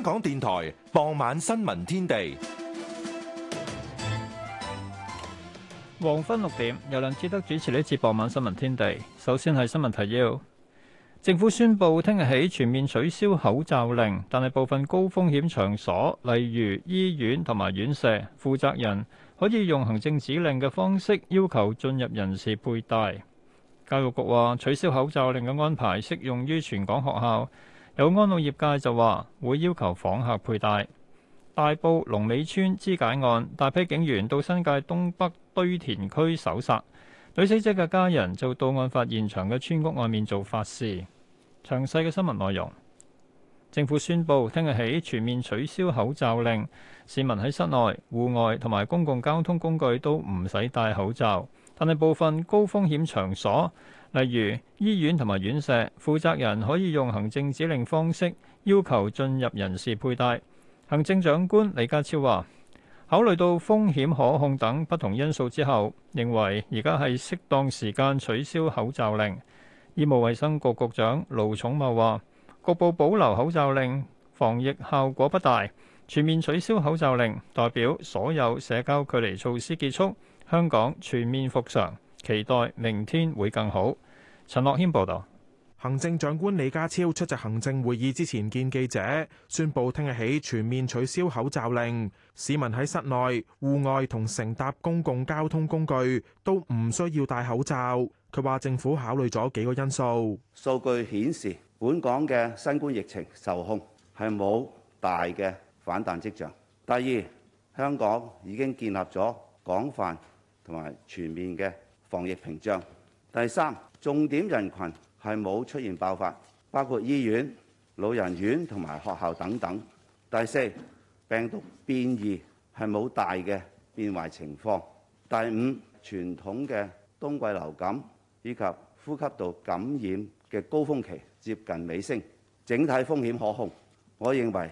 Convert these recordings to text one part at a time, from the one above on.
香港電台傍晚新聞天地，黃昏六點，由梁志德主持呢次傍晚新聞天地。首先係新聞提要：政府宣布聽日起全面取消口罩令，但係部分高風險場所，例如醫院同埋院舍，負責人可以用行政指令嘅方式要求進入人士佩戴。教育局話取消口罩令嘅安排適用於全港學校。有安老業界就話會要求訪客佩戴。大埔龍尾村肢解案，大批警員到新界東北堆填區搜殺，女死者嘅家人就到案發現場嘅村屋外面做法事。詳細嘅新聞內容，政府宣布聽日起全面取消口罩令，市民喺室內、戶外同埋公共交通工具都唔使戴口罩。但係部分高風險場所，例如醫院同埋院舍，負責人可以用行政指令方式要求進入人士佩戴。行政長官李家超話：考慮到風險可控等不同因素之後，認為而家係適當時間取消口罩令。醫務衛生局局長盧寵茂話：局部保留口罩令，防疫效果不大，全面取消口罩令代表所有社交距離措施結束。香港全面復常，期待明天會更好。陳樂謙報道，行政長官李家超出席行政會議之前見記者，宣布聽日起全面取消口罩令，市民喺室內戶外同乘搭公共交通工具都唔需要戴口罩。佢話政府考慮咗幾個因素，數據顯示本港嘅新冠疫情受控，係冇大嘅反彈跡象。第二，香港已經建立咗廣泛。同埋全面嘅防疫屏障。第三，重點人群係冇出現爆發，包括醫院、老人院同埋學校等等。第四，病毒變異係冇大嘅變壞情況。第五，傳統嘅冬季流感以及呼吸道感染嘅高峰期接近尾聲，整體風險可控。我認為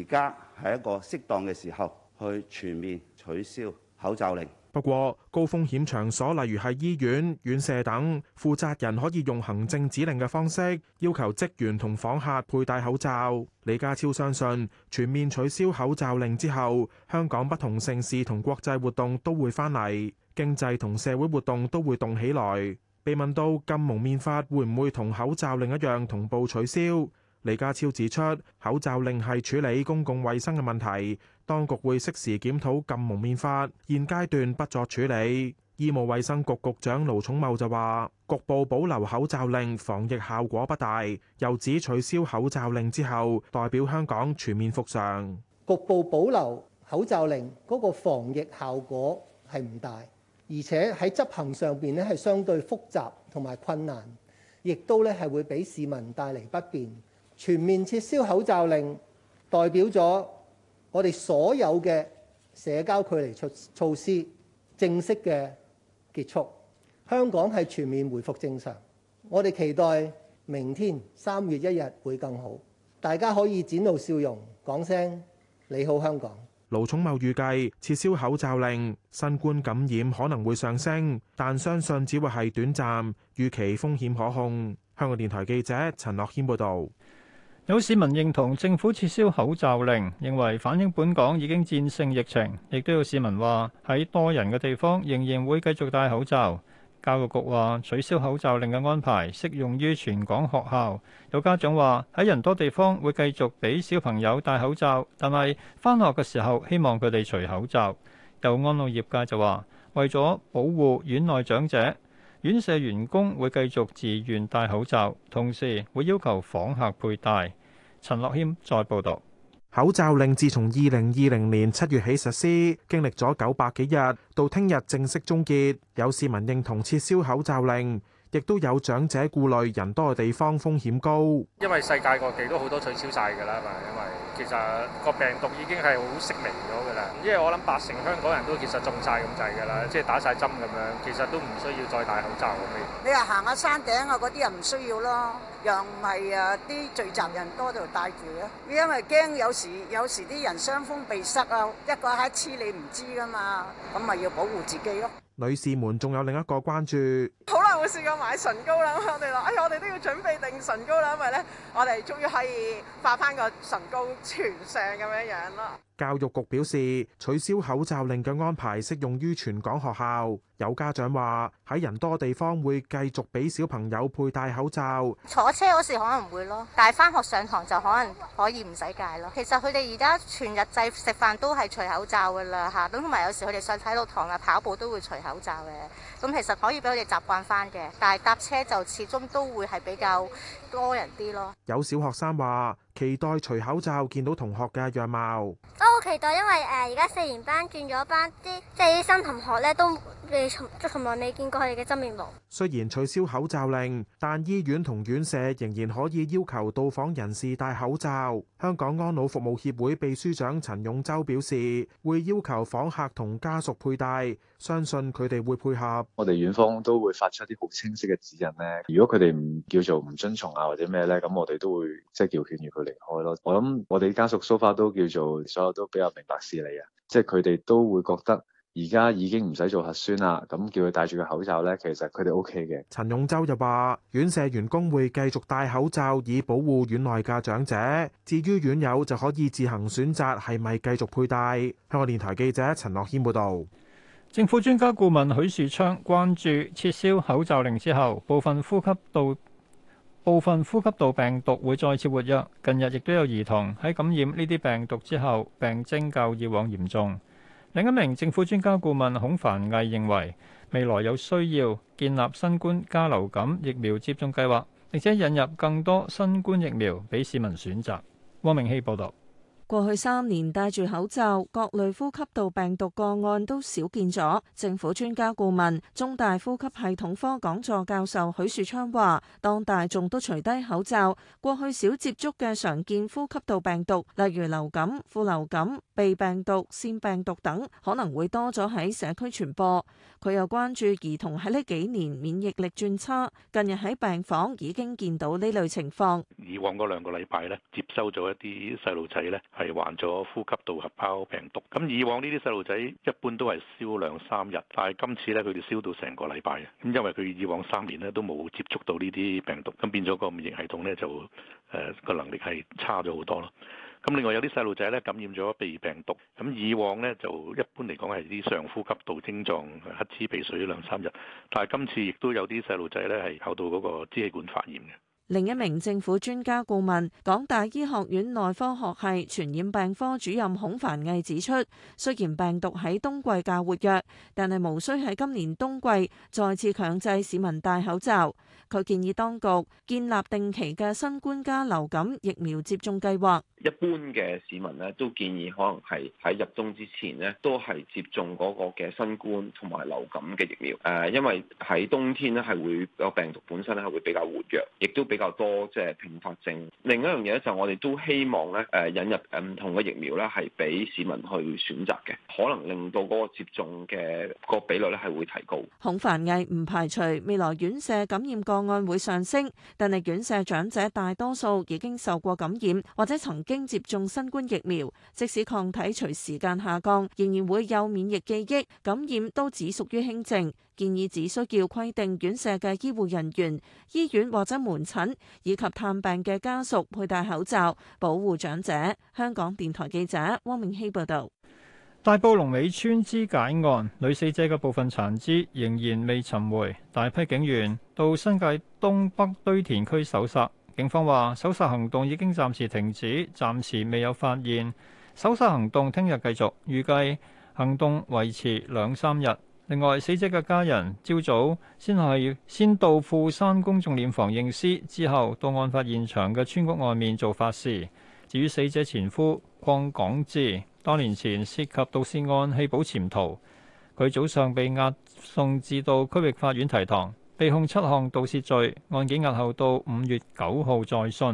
而家係一個適當嘅時候去全面取消口罩令。不過，高風險場所例如係醫院、院舍等，負責人可以用行政指令嘅方式要求職員同訪客佩戴口罩。李家超相信全面取消口罩令之後，香港不同城市同國際活動都會返嚟，經濟同社會活動都會動起來。被問到禁蒙面法會唔會同口罩令一樣同步取消，李家超指出，口罩令係處理公共衛生嘅問題。當局會適時檢討禁蒙面法，現階段不作處理。醫務衛生局局長盧寵茂就話：局部保留口罩令，防疫效果不大。又指取消口罩令之後，代表香港全面復常。局部保留口罩令嗰個防疫效果係唔大，而且喺執行上面咧係相對複雜同埋困難，亦都咧係會俾市民帶嚟不便。全面撤銷口罩令，代表咗。我哋所有嘅社交距離措措施正式嘅結束，香港係全面回復正常。我哋期待明天三月一日會更好，大家可以展露笑容，講聲你好香港。盧寵茂預計撤銷口罩令，新冠感染可能會上升，但相信只會係短暫，預期風險可控。香港電台記者陳樂軒報導。有市民認同政府撤銷口罩令，認為反映本港已經戰勝疫情。亦都有市民話喺多人嘅地方仍然會繼續戴口罩。教育局話取消口罩令嘅安排適用於全港學校。有家長話喺人多地方會繼續俾小朋友戴口罩，但係返學嘅時候希望佢哋除口罩。有安老業界就話為咗保護院內長者，院舍員工會繼續自願戴口罩，同時會要求訪客佩戴。陳樂謙再報道：口罩令自從二零二零年七月起實施，經歷咗九百幾日，到聽日正式終結。有市民認同撤銷口罩令。亦都有長者顧慮，人多嘅地方風險高。因為世界各地都好多取消曬㗎啦嘛，因為其實個病毒已經係好適應咗㗎啦。因為我諗八成香港人都其實中曬咁滯㗎啦，即係打曬針咁樣，其實都唔需要再戴口罩咁樣。你話行下山頂啊，嗰啲人唔需要咯，又唔係啊啲聚集人多就戴住咯。你因為驚有時有時啲人傷風鼻塞啊，一個乞黐你唔知㗎嘛，咁咪要保護自己咯。女士們仲有另一個關注，好耐冇試過買唇膏啦！我哋話：哎我哋都要準備定唇膏啦，因為咧，我哋終於可以化翻個唇膏全勝咁樣樣啦。教育局表示，取消口罩令嘅安排適用於全港學校。有家長話：喺人多地方會繼續俾小朋友佩戴口罩。坐車嗰時可能會咯，但係翻學上堂就可能可以唔使戴咯。其實佢哋而家全日制食飯都係除口罩噶啦嚇，咁同埋有時佢哋上體育堂啦、跑步都會除口罩嘅。咁其實可以俾佢哋習慣翻嘅，但係搭車就始終都會係比較多人啲咯。有小學生話。期待除口罩見到同學嘅樣貌，都好期待，因為誒而家四年班轉咗班，啲即係啲新同學咧，都未從從來未見過佢哋嘅真面目。雖然取消口罩令，但醫院同院舍仍然可以要求到訪人士戴口罩。香港安老服務協會秘書長陳永洲表示，會要求訪客同家屬佩戴。相信佢哋會配合，我哋院方都會發出一啲好清晰嘅指引咧。如果佢哋唔叫做唔遵從啊或者咩咧，咁我哋都會即係叫勸住佢離開咯。我諗我哋家屬 so far 都叫做所有都比較明白事理啊，即係佢哋都會覺得而家已經唔使做核酸啦，咁叫佢戴住個口罩咧，其實佢哋 OK 嘅。陳勇洲又話，院舍員工會繼續戴口罩以保護院內嘅長者，至於院友就可以自行選擇係咪繼續佩戴。香港電台記者陳樂謙報道。政府專家顧問許樹昌關注撤銷口罩令之後，部分呼吸道部分呼吸道病毒會再次活躍。近日亦都有兒童喺感染呢啲病毒之後，病徵較以往嚴重。另一名政府專家顧問孔凡毅認為，未來有需要建立新冠加流感疫苗接種計劃，並且引入更多新冠疫苗畀市民選擇。汪明希報導。過去三年戴住口罩，各類呼吸道病毒個案都少見咗。政府專家顧問、中大呼吸系統科講座教授許樹昌話，當大眾都除低口罩，過去少接觸嘅常見呼吸道病毒，例如流感、副流感、鼻病毒、腺病毒等，可能會多咗喺社區傳播。佢又關注兒童喺呢幾年免疫力轉差，近日喺病房已經見到呢類情況。以往嗰兩個禮拜咧，接收咗一啲細路仔咧。係患咗呼吸道合胞病毒，咁以往呢啲細路仔一般都係燒兩三日，但係今次呢，佢哋燒到成個禮拜嘅，咁因為佢以往三年呢都冇接觸到呢啲病毒，咁變咗個免疫系統呢，就誒個、呃、能力係差咗好多咯。咁另外有啲細路仔呢，感染咗鼻病毒，咁以往呢，就一般嚟講係啲上呼吸道症狀，黑黐鼻水兩三日，但係今次亦都有啲細路仔呢，係考到嗰個支氣管發炎嘅。另一名政府專家顧問、港大醫學院內科學系傳染病科主任孔凡毅指出，雖然病毒喺冬季較活躍，但係無需喺今年冬季再次強制市民戴口罩。佢建議當局建立定期嘅新冠加流感疫苗接種計劃。一般嘅市民咧都建議可能係喺入冬之前咧都係接種嗰個嘅新冠同埋流感嘅疫苗。誒，因為喺冬天咧係會個病毒本身咧係會比較活躍，亦都比比較多即係併發症。另一樣嘢咧就我哋都希望咧，誒引入誒唔同嘅疫苗咧，係俾市民去選擇嘅，可能令到嗰個接種嘅個比率咧係會提高。孔繁毅唔排除未來院舍感染個案會上升，但係院舍長者大多數已經受過感染或者曾經接種新冠疫苗，即使抗體隨時間下降，仍然會有免疫記憶，感染都只屬於輕症。建議只需要規定院舍嘅醫護人員、醫院或者門診以及探病嘅家屬佩戴口罩，保護長者。香港電台記者汪明熙報導。大埔龍尾村肢解案，女死者嘅部分殘肢仍然未尋回，大批警員到新界東北堆填區搜索。警方話，搜索行動已經暫時停止，暫時未有發現。搜索行動聽日繼續，預計行動維持兩三日。另外，死者嘅家人朝早先係先到富山公眾殮房認屍，之後到案發現場嘅村屋外面做法事。至於死者前夫鄺廣志，多年前涉及盜竊案棄保潛逃，佢早上被押送至到區域法院提堂，被控七項盜竊罪，案件押後到五月九號再訊。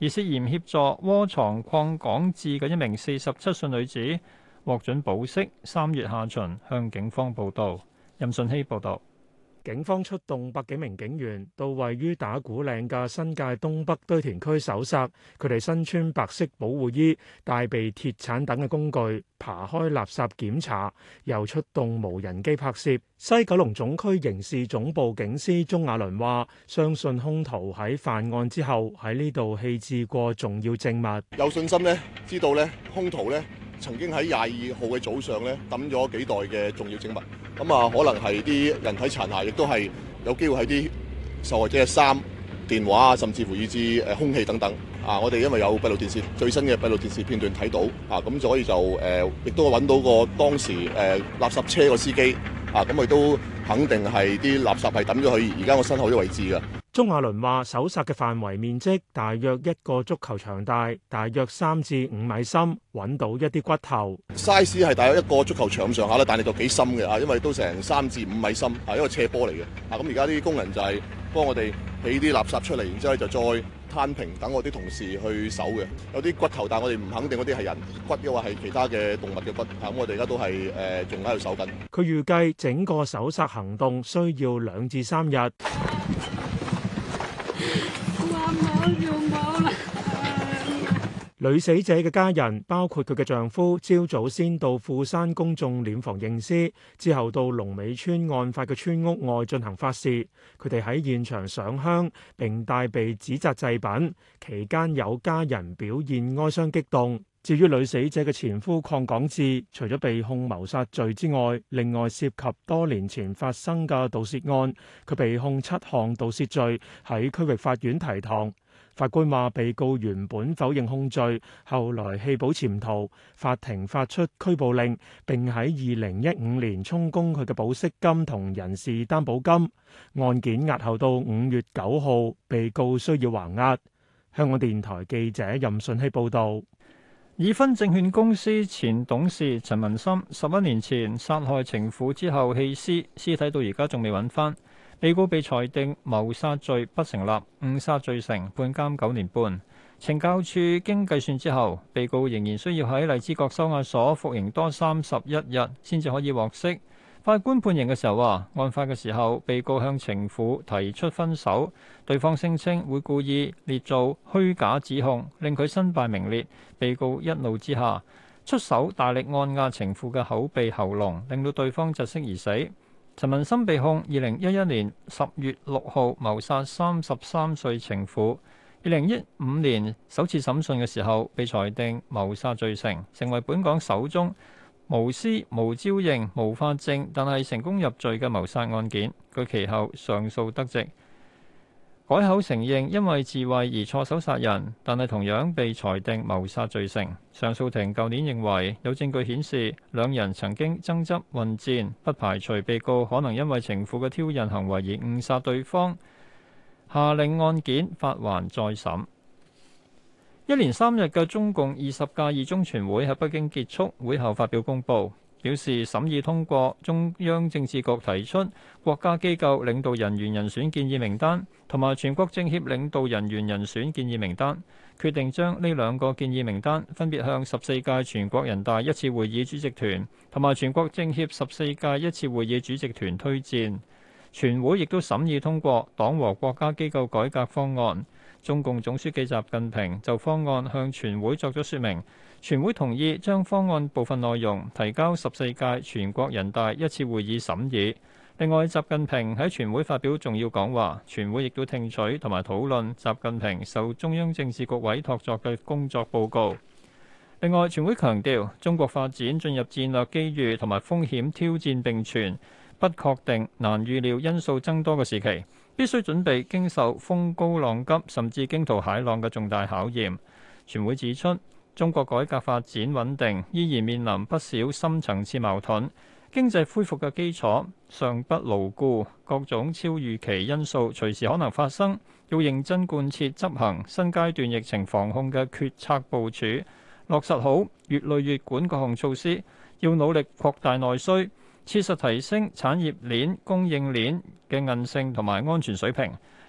而涉嫌協助窩藏鄺廣志嘅一名四十七歲女子。獲准保釋，三月下旬向警方報到。任信希報道。警方出動百幾名警員到位於打鼓嶺嘅新界東北堆填區搜查，佢哋身穿白色保護衣，帶備鐵鏟等嘅工具，爬開垃圾檢查，又出動無人機拍攝。西九龍總區刑事總部警司鍾亞倫話，相信兇徒喺犯案之後喺呢度棄置過重要證物，有信心呢，知道呢，兇徒呢，曾經喺廿二號嘅早上咧抌咗幾袋嘅重要證物，咁啊可能係啲人體殘骸，亦都係有機會係啲受害者嘅衫、電話啊，甚至乎以至誒空氣等等。啊，我哋因為有閉路電視最新嘅閉路電視片段睇到，啊咁就可以就誒，亦都搵到個當時誒垃圾車個司機，啊咁佢都肯定係啲垃圾係抌咗去而家我身後啲位置㗎。鐘亞倫話，搜殺嘅範圍面積大約一個足球場大，大約三至五米深，搵到一啲骨頭。size 係大約一個足球場上下啦，但係就幾深嘅吓，因為都成三至五米深，係一個斜坡嚟嘅。啊，咁而家啲工人就係幫我哋起啲垃圾出嚟，然之後就再攤平，等我啲同事去搜嘅。有啲骨頭，但係我哋唔肯定嗰啲係人骨，抑或係其他嘅動物嘅骨。啊，咁我哋而家都係誒仲喺度搜緊。佢、呃、預計整個搜殺行動需要兩至三日。女死者嘅家人包括佢嘅丈夫，朝早先到富山公眾殮房認屍，之後到龍尾村案發嘅村屋外進行法事，佢哋喺現場上香，並帶備紙紮祭品。期間有家人表現哀傷激動。至於女死者嘅前夫鄺廣志，除咗被控謀殺罪之外，另外涉及多年前發生嘅盜竊案，佢被控七項盜竊罪，喺區域法院提堂。法官話，被告原本否認控罪，後來棄保潛逃，法庭發出拘捕令，並喺二零一五年充公佢嘅保釋金同人事擔保金。案件押後到五月九號，被告需要還押。香港電台記者任信希報道。已婚證券公司前董事陳文森，十一年前殺害情婦之後棄屍，屍體到而家仲未搵返。被告被裁定謀殺罪不成立，誤殺罪成，判監九年半。懲教處經計算之後，被告仍然需要喺荔枝角收押所服刑多三十一日，先至可以獲釋。法官判刑嘅時候啊，案發嘅時候，被告向情婦提出分手，對方聲稱會故意捏造虛假指控，令佢身敗名裂。被告一怒之下，出手大力按壓情婦嘅口鼻喉嚨，令到對方窒息而死。陳文森被控二零一一年十月六號謀殺三十三歲情婦。二零一五年首次審訊嘅時候，被裁定謀殺罪成，成為本港首宗無屍無招認、無法證但係成功入罪嘅謀殺案件。佢其後上訴得直。改口承認因為自衞而錯手殺人，但係同樣被裁定謀殺罪成。上訴庭舊年認為有證據顯示兩人曾經爭執混戰，不排除被告可能因為情婦嘅挑釁行為而誤殺對方，下令案件發還再審。一連三日嘅中共二十屆二中全會喺北京結束，會後發表公佈。表示審議通過中央政治局提出國家機構領導人員人選建議名單同埋全國政協領導人員人選建議名單，決定將呢兩個建議名單分別向十四屆全國人大一次會議主席團同埋全國政協十四屆一次會議主席團推薦。全會亦都審議通過黨和國家機構改革方案，中共總書記習近平就方案向全會作咗説明。全會同意將方案部分內容提交十四屆全國人大一次會議審議。另外，習近平喺全會發表重要講話，全會亦都聽取同埋討論習近平受中央政治局委託作嘅工作報告。另外，全會強調中國發展進入戰略機遇同埋風險挑戰並存、不確定、難預料因素增多嘅時期，必須準備經受風高浪急甚至驚濤駭浪嘅重大考驗。全會指出。中國改革發展穩定，依然面臨不少深層次矛盾。經濟恢復嘅基礎尚不牢固，各種超預期因素隨時可能發生。要認真貫徹執行新階段疫情防控嘅決策部署，落實好越累越管各項措施。要努力擴大內需，切實提升產業鏈、供應鏈嘅韌性同埋安全水平。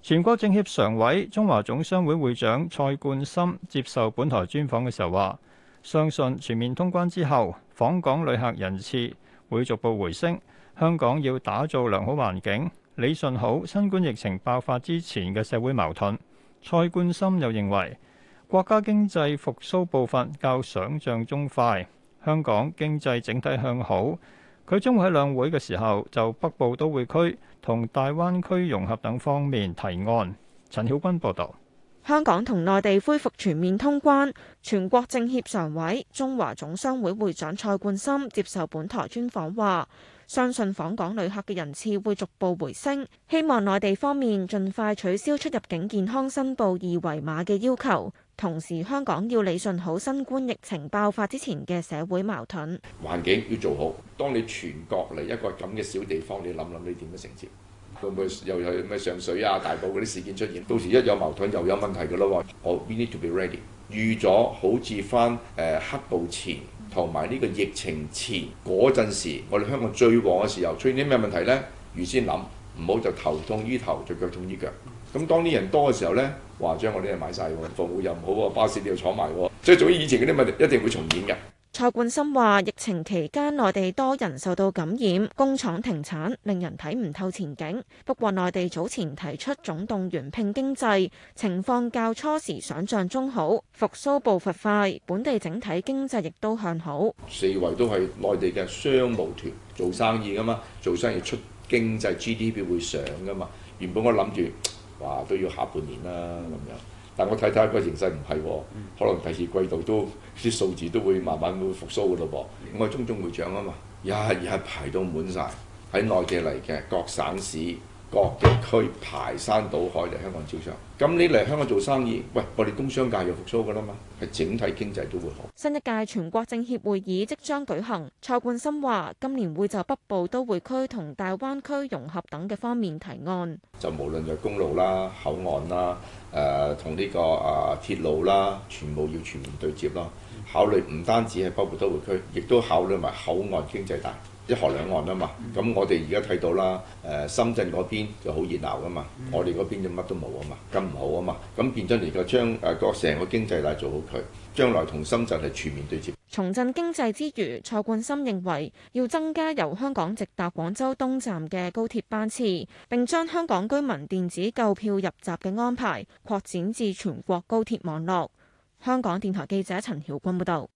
全國政協常委、中華總商會會長蔡冠森接受本台專訪嘅時候話：相信全面通關之後，訪港旅客人次會逐步回升。香港要打造良好環境，理順好新冠疫情爆發之前嘅社會矛盾。蔡冠森又認為，國家經濟復甦步伐較想像中快，香港經濟整體向好。佢將會喺兩會嘅時候就北部都會區同大灣區融合等方面提案。陳曉君報道，香港同內地恢復全面通關，全國政協常委、中華總商會會長蔡冠森接受本台專訪話：相信訪港旅客嘅人次會逐步回升，希望內地方面盡快取消出入境健康申報二維碼嘅要求。同時，香港要理順好新冠疫情爆發之前嘅社會矛盾環境要做好。當你全國嚟一個咁嘅小地方，你諗諗你點樣承接，會唔會又有咩上水啊、大埔嗰啲事件出現？到時一有矛盾又有問題嘅咯喎。我、oh, we need to be ready，預咗好似翻誒黑暴前同埋呢個疫情前嗰陣時，我哋香港最旺嘅時候出現啲咩問題呢？預先諗，唔好就頭痛醫頭，就腳痛醫腳。咁當啲人多嘅時候呢，話將我啲嘢買晒喎，服務又唔好喎，巴士都要坐埋喎，所以總之以前嗰啲咪一定會重演嘅。蔡冠深話：疫情期間內地多人受到感染，工廠停產，令人睇唔透前景。不過內地早前提出總動員拼經濟，情況較初時想像中好，復甦步伐快，本地整體經濟亦都向好。四圍都係內地嘅商務團做生意㗎嘛，做生意出經濟 GDP 會上㗎嘛。原本我諗住。話都要下半年啦咁樣，但我睇睇個形勢唔係喎，嗯、可能第二季度都啲數字都會慢慢會復甦嘅咯噃，因為、嗯、中中會漲啊嘛，日日排到滿晒喺內地嚟嘅各省市。各地區排山倒海嚟香港招商，咁你嚟香港做生意，喂，我哋工商界又復甦噶啦嘛，係整體經濟都會好。新一屆全國政協會議即將舉行，蔡冠深話今年會就北部都會區同大灣區融合等嘅方面提案，就無論係公路啦、口岸啦，誒、呃，同呢、這個誒、呃、鐵路啦，全部要全面對接咯。考慮唔單止係北部都會區，亦都考慮埋口岸經濟帶。一河兩岸啊嘛，咁我哋而家睇到啦，誒深圳嗰邊就好熱鬧啊嘛，嗯、我哋嗰邊就乜都冇啊嘛，咁唔好啊嘛，咁變咗而家將誒個成個經濟帶做好佢，將來同深圳係全面對接。重振經濟之餘，蔡冠深認為要增加由香港直達廣州東站嘅高鐵班次，並將香港居民電子購票入閘嘅安排擴展至全國高鐵網絡。香港電台記者陳曉君報道。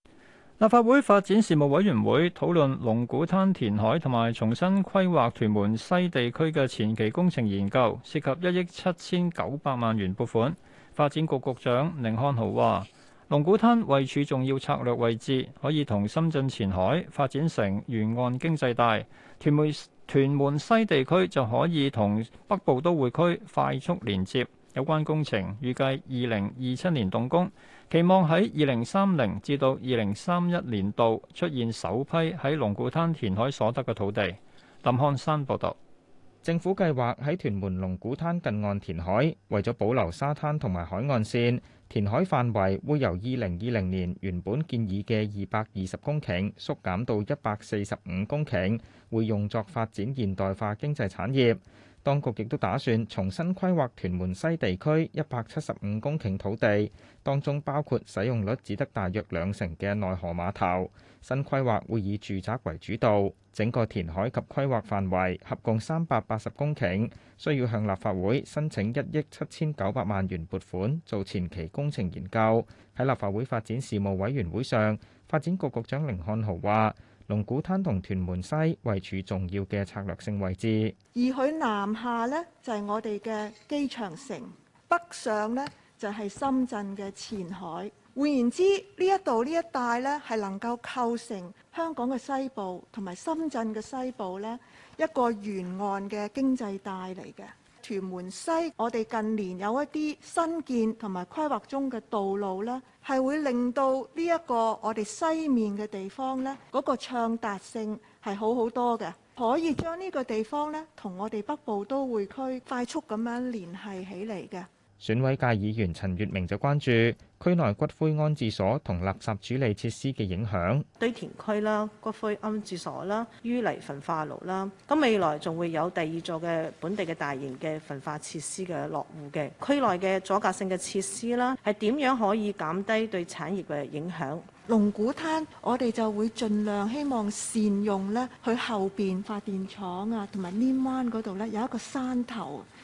立法會發展事務委員會討論龍鼓灘填，填海同埋重新規劃屯門西地區嘅前期工程研究，涉及一億七千九百萬元撥款。發展局局長甯漢豪話：龍鼓灘位處重要策略位置，可以同深圳前海發展成沿岸經濟帶，屯門、屯門西地區就可以同北部都會區快速連接。有關工程預計二零二七年動工。期望喺二零三零至到二零三一年度出現首批喺龍鼓灘填海所得嘅土地。林漢山報道，政府計劃喺屯門龍鼓灘近岸填海，為咗保留沙灘同埋海岸線，填海範圍會由二零二零年原本建議嘅二百二十公頃縮減到一百四十五公頃，會用作發展現代化經濟產業。當局亦都打算重新規劃屯門西地區一百七十五公頃土地，當中包括使用率只得大約兩成嘅內河碼頭。新規劃會以住宅為主導，整個填海及規劃範圍合共三百八十公頃，需要向立法會申請一億七千九百萬元撥款做前期工程研究。喺立法會發展事務委員會上，發展局局長甯漢豪話。龍鼓灘同屯門西位處重要嘅策略性位置，而佢南下呢，就係、是、我哋嘅機場城，北上呢，就係、是、深圳嘅前海。換言之，呢一度呢一帶呢，係能夠構成香港嘅西部同埋深圳嘅西部呢一個沿岸嘅經濟帶嚟嘅。屯門西，我哋近年有一啲新建同埋規劃中嘅道路咧。係會令到呢一個我哋西面嘅地方呢，嗰個暢達性係好好多嘅，可以將呢個地方呢，同我哋北部都會區快速咁樣聯繫起嚟嘅。選委界議員陳月明就關注區內骨灰安置所同垃圾處理設施嘅影響，堆填區啦、骨灰安置所啦、淤泥焚化爐啦，咁未來仲會有第二座嘅本地嘅大型嘅焚化設施嘅落戶嘅。區內嘅阻隔性嘅設施啦，係點樣可以減低對產業嘅影響？龍鼓灘我哋就會盡量希望善用咧，去後邊發電廠啊，同埋稔灣嗰度咧有一個山頭。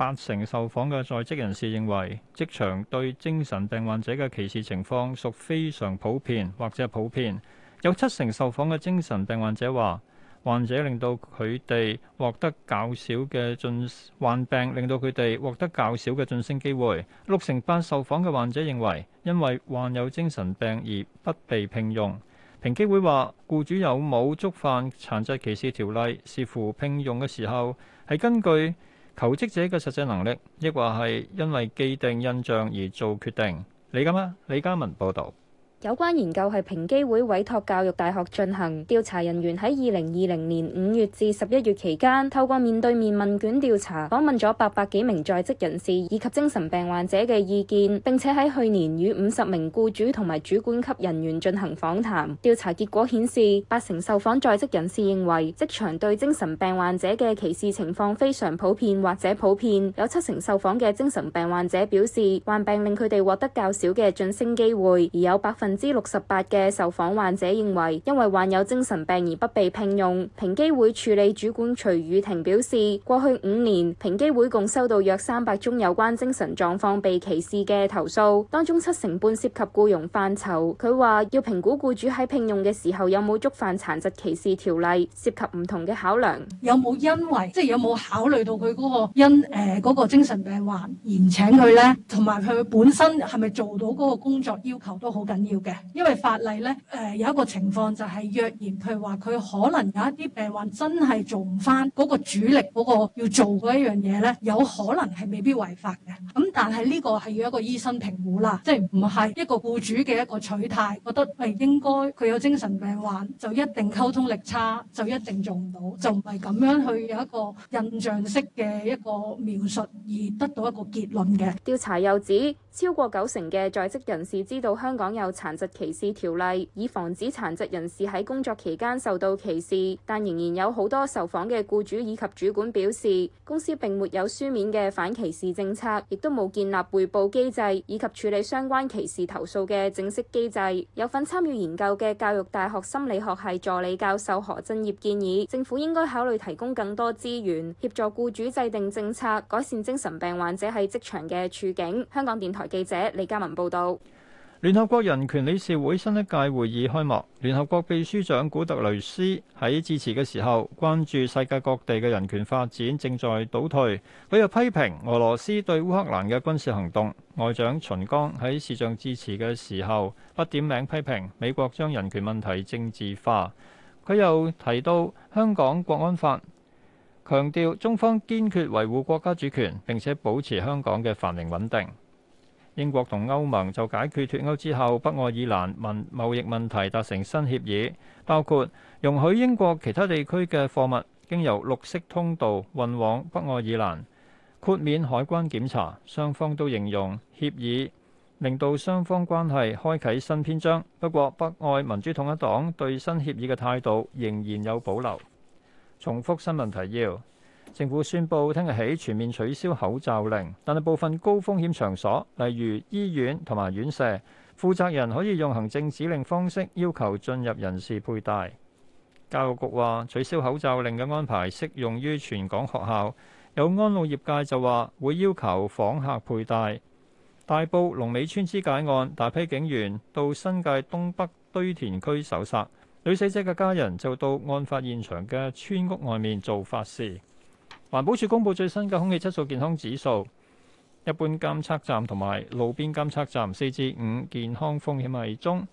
八成受訪嘅在職人士認為職場對精神病患者嘅歧視情況屬非常普遍或者普遍。有七成受訪嘅精神病患者話患者令到佢哋獲得較少嘅進患病，令到佢哋獲得較少嘅晉升機會。六成八受訪嘅患者認為因為患有精神病而不被聘用。平機會話雇主有冇觸犯殘疾歧視條例，視乎聘用嘅時候係根據。求職者嘅實際能力，亦或係因為既定印象而做決定。你噉吖？李嘉文報道。有關研究係平機會委託教育大學進行，調查人員喺二零二零年五月至十一月期間，透過面對面問卷調查，訪問咗八百幾名在職人士以及精神病患者嘅意見。並且喺去年與五十名雇主同埋主管級人員進行訪談。調查結果顯示，八成受訪在職人士認為職場對精神病患者嘅歧視情況非常普遍或者普遍。有七成受訪嘅精神病患者表示，患病令佢哋獲得較少嘅晉升機會，而有百分百分之六十八嘅受訪患者認為，因為患有精神病而不被聘用。平機會處理主管徐雨婷表示，過去五年，平機會共收到約三百宗有關精神狀況被歧視嘅投訴，當中七成半涉及僱傭範疇。佢話要評估僱主喺聘用嘅時候有冇觸犯殘疾歧視條例，涉及唔同嘅考量，有冇因為，即係、就是、有冇考慮到佢嗰個因誒、呃嗰個精神病患而請佢呢？同埋佢本身係咪做到嗰個工作要求都好緊要。嘅，因為法例呢，誒、呃、有一個情況就係若然佢話，佢可能有一啲病患真係做唔翻嗰個主力嗰個要做嗰一樣嘢呢，有可能係未必違法嘅。咁、嗯、但係呢個係要一個醫生評估啦，即係唔係一個僱主嘅一個取態覺得係應該佢有精神病患就一定溝通力差，就一定做唔到，就唔係咁樣去有一個印象式嘅一個描述而得到一個結論嘅。調查又指超過九成嘅在職人士知道香港有殘《殘疾歧視條例》以防止殘疾人士喺工作期間受到歧視，但仍然有好多受訪嘅雇主以及主管表示，公司並沒有書面嘅反歧視政策，亦都冇建立匯報機制以及處理相關歧視投訴嘅正式機制。有份參與研究嘅教育大學心理學系助理教授何振業建議，政府應該考慮提供更多資源協助雇主制定政策，改善精神病患者喺職場嘅處境。香港電台記者李嘉文報道。聯合國人權理事會新一屆會議開幕，聯合國秘書長古特雷斯喺致辭嘅時候關注世界各地嘅人權發展正在倒退，佢又批評俄羅斯對烏克蘭嘅軍事行動。外長秦剛喺視像致辭嘅時候不點名批評美國將人權問題政治化，佢又提到香港國安法，強調中方堅決維護國家主權並且保持香港嘅繁榮穩定。英國同歐盟就解決脱歐之後北愛爾蘭貿易問題達成新協議，包括容許英國其他地區嘅貨物經由綠色通道運往北愛爾蘭，豁免海關檢查。雙方都形容協議令到雙方關係開啟新篇章。不過，北愛民主統一黨對新協議嘅態度仍然有保留。重複新聞提要。政府宣布，聽日起全面取消口罩令，但係部分高風險場所，例如醫院同埋院舍，負責人可以用行政指令方式要求進入人士佩戴。教育局話取消口罩令嘅安排適用於全港學校。有安老業界就話會要求訪客佩戴。大埔龍尾村肢解案，大批警員到新界東北堆填區搜索。女死者嘅家人就到案發現場嘅村屋外面做法事。環保署公布最新嘅空氣質素健康指數，一般監測站同埋路邊監測站四至五，健康風險係中。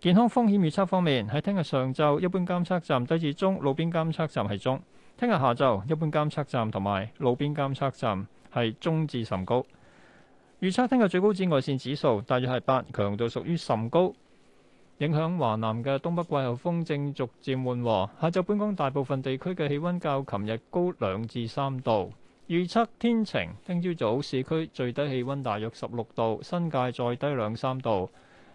健康風險預測方面，喺聽日上晝一般監測站低至中，路邊監測站係中。聽日下晝一般監測站同埋路邊監測站係中至甚高。預測聽日最高紫外線指數大約係八，強度屬於甚高。影響華南嘅東北季候風正逐漸緩和，下晝本港大部分地區嘅氣温較琴日高兩至三度。預測天晴，聽朝早市區最低氣温大約十六度，新界再低兩三度。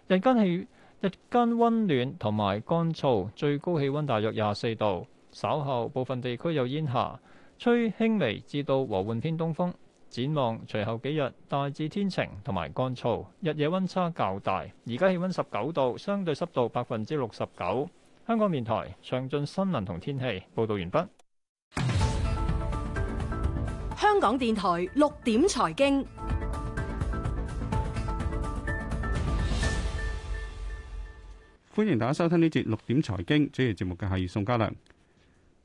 日間氣日間温暖同埋乾燥，最高氣温大約廿四度。稍後部分地區有煙霞，吹輕微至到和緩偏東風。展望隨後幾日，大致天晴同埋乾燥，日夜溫差較大。而家氣溫十九度，相對濕度百分之六十九。香港電台詳盡新聞同天氣報道完畢。香港電台六點財經，歡迎大家收聽呢節六點財經。主持節目嘅係宋嘉良。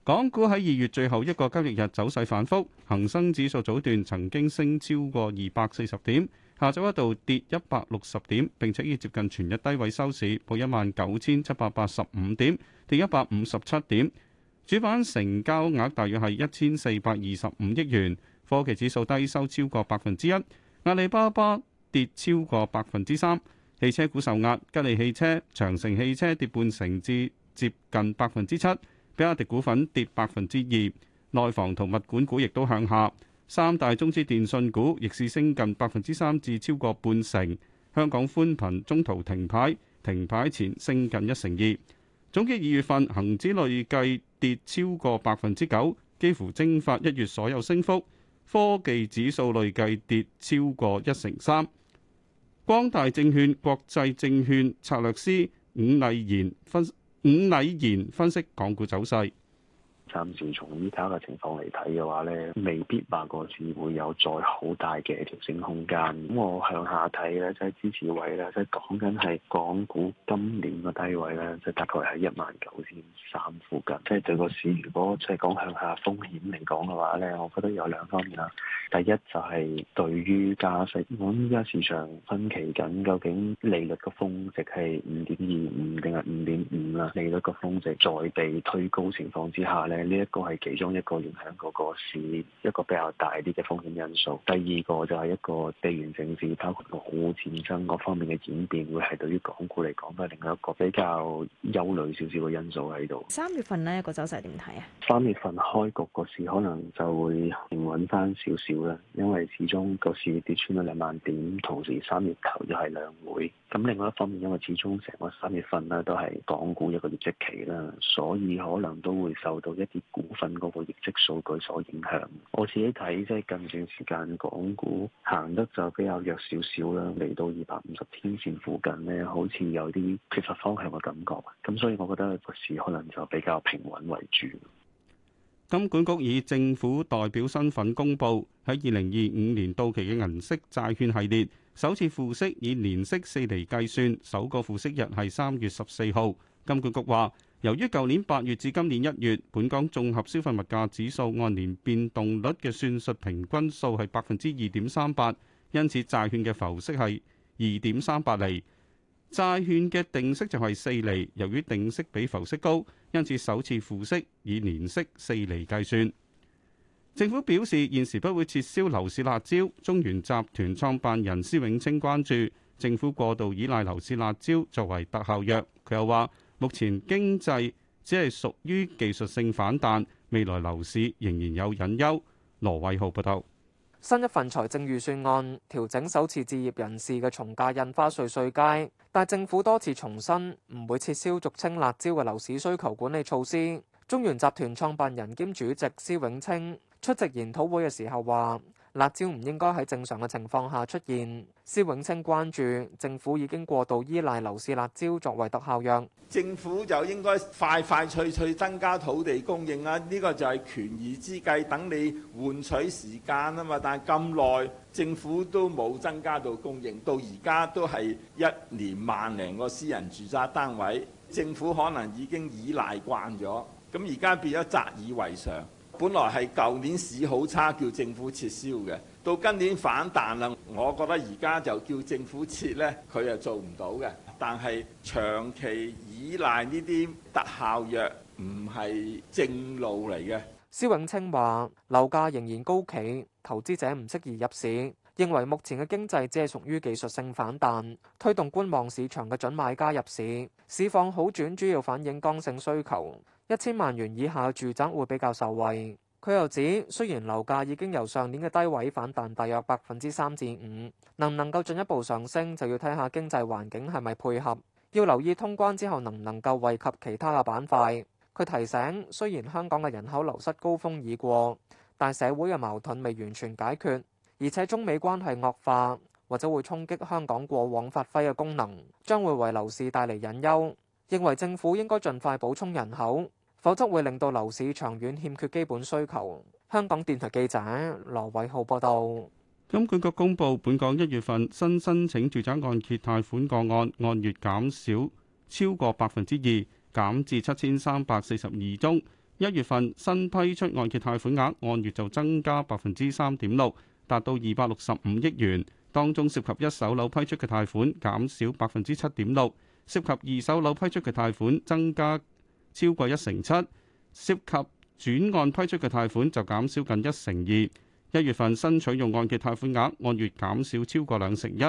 港股喺二月最後一個交易日走勢反覆，恒生指數早段曾經升超過二百四十點，下晝一度跌一百六十點，並且已接近全日低位收市，報一萬九千七百八十五點，跌一百五十七點。主板成交額大約係一千四百二十五億元。科技指數低收超過百分之一，阿里巴巴跌超過百分之三。汽車股受壓，吉利汽車、長城汽車跌半成至接近百分之七。比亞迪股份跌百分之二，內房同物管股亦都向下。三大中資電信股逆市升近百分之三至超過半成。香港寬頻中途停牌，停牌前升近一成二。總結二月份恒指累計跌超過百分之九，幾乎蒸發一月所有升幅。科技指數累計跌超過一成三。光大證券國際證券策略師伍麗賢分。伍禮賢分析港股走勢。暫時從依家嘅情況嚟睇嘅話呢，未必話個市會有再好大嘅調整空間。咁我向下睇呢，即係支持位呢，即係講緊係港股今年嘅低位呢，即係大概喺一萬九千三附近。即係對個市，如果即係講向下風險嚟講嘅話呢，我覺得有兩方面啦。第一就係對於加息，我依家市場分歧緊，究竟利率嘅峰值係五點二五定係五點五啦？利率嘅峰值再被推高情況之下咧。誒呢一個係其中一個影響嗰個市一個比較大啲嘅風險因素。第二個就係一個地緣政治，包括個好戰爭各方面嘅演變，會係對於港股嚟講都係另外一個比較憂慮少少嘅因素喺度。三月份呢個走勢點睇啊？三月份開局個市可能就會平穩翻少少啦，因為始終個市跌穿咗兩萬點，同時三月頭又係兩會，咁另外一方面因為始終成個三月份呢都係港股一個業績期啦，所以可能都會受到股份嗰個業績數據所影響，我自己睇即係近段時間港股行得就比較弱少少啦。嚟到二百五十天線附近咧，好似有啲缺乏方向嘅感覺，咁所以我覺得個市可能就比較平穩為主。金管局以政府代表身份公布喺二零二五年到期嘅銀色債券系列首次付息以年息四厘計算，首個付息日係三月十四號。金管局話。由於舊年八月至今年一月，本港綜合消費物價指數按年變動率嘅算術平均數係百分之二點三八，因此債券嘅浮息係二點三八厘。債券嘅定息就係四厘，由於定息比浮息高，因此首次付息以年息四厘計算。政府表示現時不會撤銷樓市辣椒。中原集團創辦人施永青關注政府過度依賴樓市辣椒作為特效藥。佢又話。目前經濟只係屬於技術性反彈，未來樓市仍然有隱憂。羅偉浩報道，新一份財政預算案調整首次置業人士嘅重價印花稅稅階，但政府多次重申唔會撤銷俗稱辣招嘅樓市需求管理措施。中原集團創辦人兼主席施永青出席研討會嘅時候話。辣椒唔應該喺正常嘅情況下出現。施永青關注政府已經過度依賴樓市辣椒作為特效藥，政府就應該快快脆脆增加土地供應啊！呢個就係權宜之計，等你換取時間啊嘛。但係咁耐，政府都冇增加到供應，到而家都係一年萬零個私人住宅單位，政府可能已經依賴慣咗，咁而家變咗習以為常。本來係舊年市好差，叫政府撤銷嘅，到今年反彈啦。我覺得而家就叫政府撤咧，佢係做唔到嘅。但係長期依賴呢啲特效藥，唔係正路嚟嘅。蕭永清話：樓價仍然高企，投資者唔適宜入市。認為目前嘅經濟只係屬於技術性反彈，推動觀望市場嘅準買家入市，市況好轉主要反映剛性需求。一千萬元以下住宅會比較受惠。佢又指，雖然樓價已經由上年嘅低位反彈大約百分之三至五，能唔能夠進一步上升，就要睇下經濟環境係咪配合。要留意通關之後能唔能夠惠及其他嘅板塊。佢提醒，雖然香港嘅人口流失高峰已過，但社會嘅矛盾未完全解決，而且中美關係惡化，或者會衝擊香港過往發揮嘅功能，將會為樓市帶嚟隱憂。認為政府應該盡快補充人口，否則會令到樓市長遠欠缺基本需求。香港電台記者羅偉浩報道。金管局公布本港一月份新申請住宅按揭貸款個案按月減少超過百分之二，減至七千三百四十二宗。一月份新批出按揭貸款額按月就增加百分之三點六，達到二百六十五億元。當中涉及一手樓批出嘅貸款減少百分之七點六。涉及二手樓批出嘅貸款增加超過一成七，涉及轉按批出嘅貸款就減少近一成二。一月份新取用按揭貸款額按月減少超過兩成一，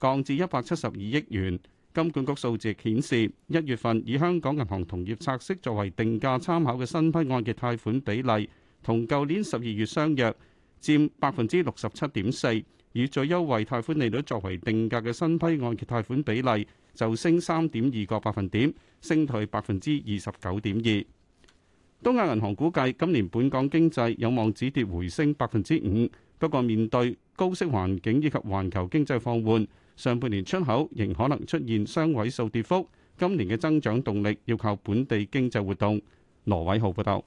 降至一百七十二億元。金管局數字顯示，一月份以香港銀行同業拆息作為定價參考嘅新批按揭貸款比例，同舊年十二月相約，佔百分之六十七點四。以最優惠貸款利率作為定價嘅新批按揭貸款比例就升三點二個百分點，升到百分之二十九點二。東亞銀行估計今年本港經濟有望止跌回升百分之五，不過面對高息環境以及環球經濟放緩，上半年出口仍可能出現雙位數跌幅。今年嘅增長動力要靠本地經濟活動。羅偉浩報道。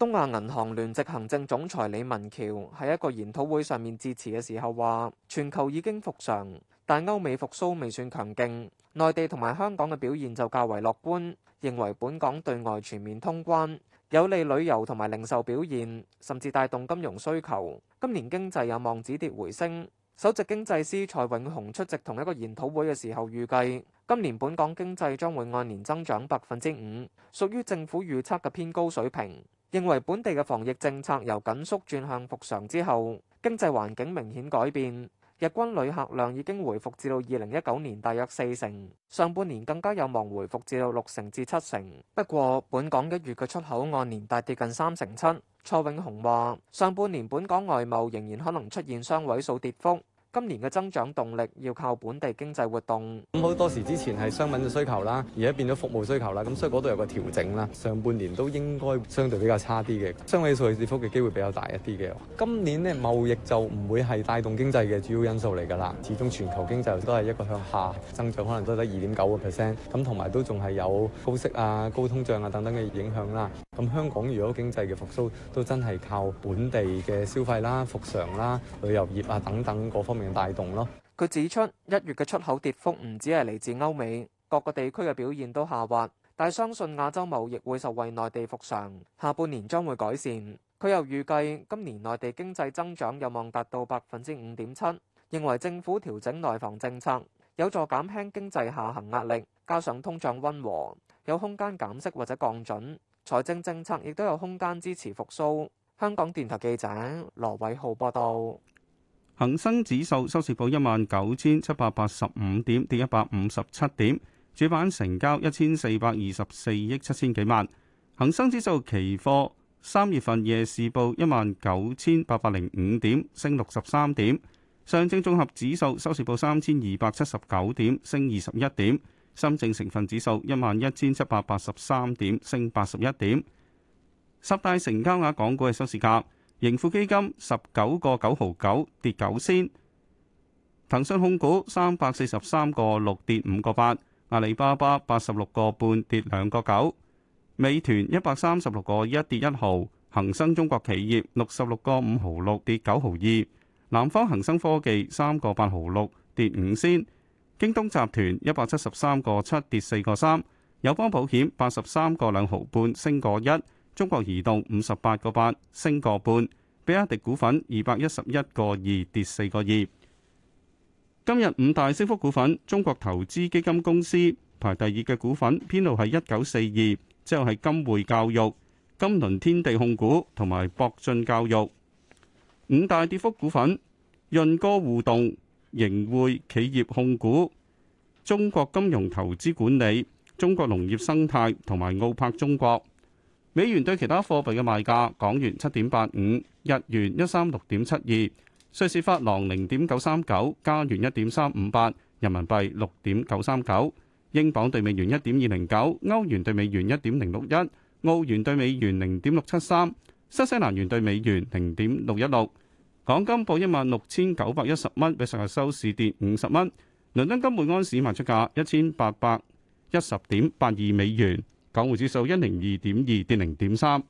東亞銀行聯席行政總裁李文橋喺一個研討會上面致辭嘅時候話：全球已經復常，但歐美復蘇未算強勁。內地同埋香港嘅表現就較為樂觀，認為本港對外全面通關有利旅遊同埋零售表現，甚至帶動金融需求。今年經濟有望止跌回升。首席經濟師蔡永雄出席同一個研討會嘅時候，預計今年本港經濟將會按年增長百分之五，屬於政府預測嘅偏高水平。認為本地嘅防疫政策由緊縮轉向復常之後，經濟環境明顯改變。日均旅客量已經回復至到二零一九年大約四成，上半年更加有望回復至到六成至七成。不過，本港一月嘅出口按年大跌近三成七。蔡永雄話：上半年本港外貿仍然可能出現雙位數跌幅。今年嘅增長動力要靠本地經濟活動。咁好多時之前係商品嘅需求啦，而家變咗服務需求啦，咁所以嗰度有個調整啦。上半年都應該相對比較差啲嘅，商品數字跌幅嘅機會比較大一啲嘅。今年呢，貿易就唔會係帶動經濟嘅主要因素嚟㗎啦。始終全球經濟都係一個向下增長，可能都得二點九個 percent。咁同埋都仲係有高息啊、高通脹啊等等嘅影響啦。咁香港如果經濟嘅復甦都真係靠本地嘅消費啦、啊、復常啦、旅遊業啊等等各方面，帶動咯。佢指出，一月嘅出口跌幅唔止係嚟自歐美，各個地區嘅表現都下滑。但相信亞洲貿易會受惠內地復常，下半年將會改善。佢又預計今年內地經濟增長有望達到百分之五點七，認為政府調整內房政策有助減輕經濟下行壓力，加上通脹溫和，有空間減息或者降準。財政政策亦都有空間支持復甦。香港電台記者羅偉浩報道。恒生指數收市報一萬九千七百八十五點，跌一百五十七點。主板成交一千四百二十四億七千幾萬。恒生指數期貨三月份夜市報一萬九千八百零五點，升六十三點。上證綜合指數收市報三千二百七十九點，升二十一點。深證成分指數一萬一千七百八十三點，升八十一點。十大成交額港股嘅收市價。盈富基金十九個九毫九跌九仙，騰訊控股三百四十三個六跌五個八，阿里巴巴八十六個半跌兩個九，美團一百三十六個一跌一毫，恒生中國企業六十六個五毫六跌九毫二，南方恒生科技三個八毫六跌五仙，京東集團一百七十三個七跌四個三，友邦保險八十三個兩毫半升個一。中國移動五十八個八升個半，比亞迪股份二百一十一個二跌四個二。今日五大升幅股份，中國投資基金公司排第二嘅股份，編號係一九四二，之後係金匯教育、金輪天地控股同埋博進教育。五大跌幅股份，潤歌互動、盈匯企業控股、中國金融投資管理、中國農業生態同埋奧柏中國。美元對其他貨幣嘅賣價：港元七點八五，日元一三六點七二，瑞士法郎零點九三九，加元一點三五八，人民幣六點九三九，英鎊兌美元一點二零九，歐元兌美元一點零六一，澳元兌美元零點六七三，新西蘭元兌美元零點六一六。港金報一萬六千九百一十蚊，比上日收市跌五十蚊。倫敦金每安士賣出價一千八百一十點八二美元。港匯指數一零二點二，跌零點三。